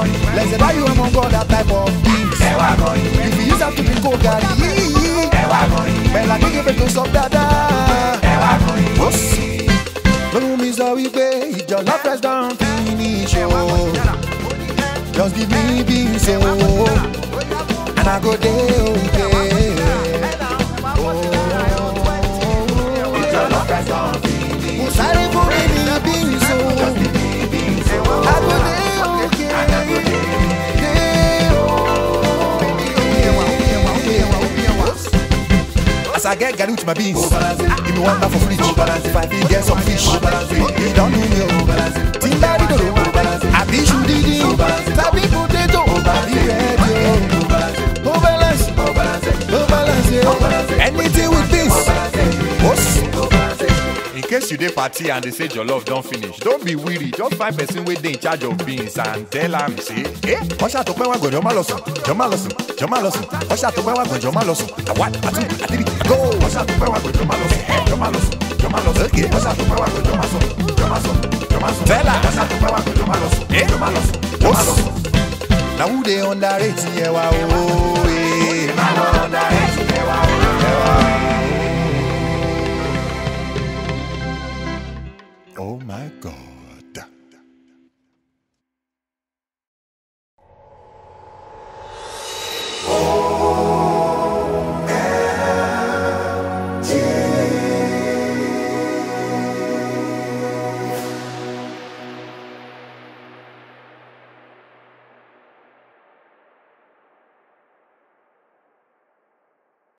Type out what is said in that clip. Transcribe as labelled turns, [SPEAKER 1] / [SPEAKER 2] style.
[SPEAKER 1] Let's say that you among all that type of things Ewa going If you use up to be cool, girl, eat Ewa going Bẹ́ẹ̀ la gbégbé fẹ́ tó sọ dáadáa Ewa going Ó sì lórí mi sọ wípé ìjọlá press down finish o Just give me beans o And I go there. As I get garlic with my beans, ah, give me one for fridge. Oh, if I fit get some fish, oh, since you dey party and dey say your love don finish don be weary just find person wey dey in charge of beans and tell am say. ẹ ọṣà tó pẹ́ wá gànjọ́ má lọ sùn jọ́ má lọ sùn jọ́ má lọ sùn ọṣà tó pẹ́ wá gànjọ́ má lọ sùn àwa àti àdìrí go. ọṣà tó pẹ́ wá gànjọ́ má lọ sùn jọ́ má lọ sùn jọ́ má lọ sùn ọṣà tó pẹ́ wá gànjọ́ má sùn jọ́ má sùn jọ́ má sùn tẹ́lá ọṣà tó pẹ́ wá gànjọ́ má lọ sùn jọ́ má lọ sùn jọ́ má lọ sùn. na who dey underrate yewa o.